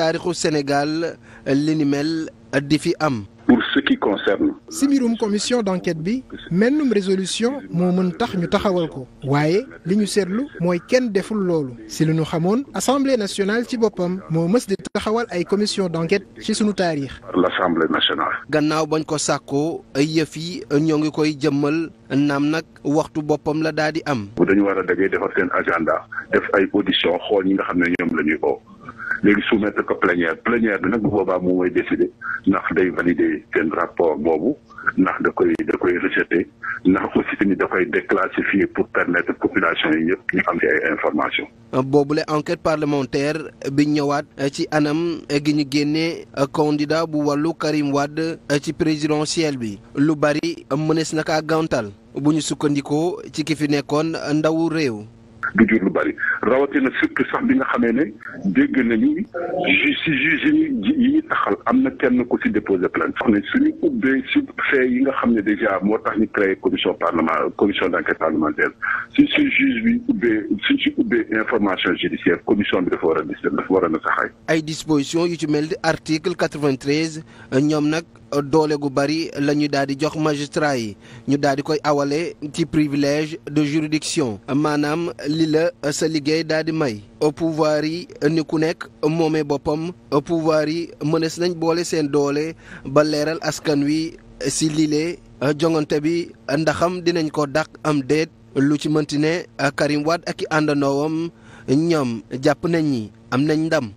taarixu Sénégal li ni mel di fi am. pour ce qui concerne. si mbirum commission d'enquête bi mennum résolution moo mën tax ñu taxawal ko waaye li ñu seetlu mooy kenn deful loolu si lu ñu xamoon assemblée nationale ci boppam moo mës di taxawal ay commission d'enquête ci sunu taarix. l'assemblée nationale. gannaaw bañ ko sàkkoo yëf yi ñoo ngi koy jëmmal naam nag waxtu boppam la daal di am. bu dañu war a dajee defar seen agenda def ay audition xool ñi nga xam ne la ñuy léegi soumettre ko plénière plénière bi nag bu boobaa moom mooy décider ndax day valider seen rapport boobu ndax da koy da koy rejeter ndax aussi tamit da koy déclassifier pour permettre population yi yëpp ñu am ci ay information boobule enquête parlementaire bi ñëwaat ci anam gi ñu génnee candidat bu wàllu Karim Wade ci présidentielle bi lu bari mënees na kaa gantal bu ñu sukkandikoo ci ki fi nekkoon ndawu réew du jur lu bari rawatina surtout sax bi nga xamee ne dégg nañu si juge yi ñu taxal am na kenn ku ci déposé plainte sax ne suñu ubbee si fee yi nga xam ne déjà moo tax ñu créé commission parlement commission d'enquête parlementaire si si juge bi ubbee suñ si ubbee information judiciaire commission bi dafa war a dafa war a na saxaay ay dispositions yu ci mel di article 93 ñoom nag doole gu bari la ñu daal di jox magistrat yi ñu daal di koy awale ci privilège de juridiction maanaam li la sa liggéey daal di may pouvoir yi ni ku nekk moomee boppam pouvoir yi mënees nañ boole seen doole ba leeral askan wi si lile jongante bi ndaxam dinañ ko dàq am déet lu ci mënti ne Karim Wade ak i àndandoom ñam jàpp nañ ñi am nañ ndam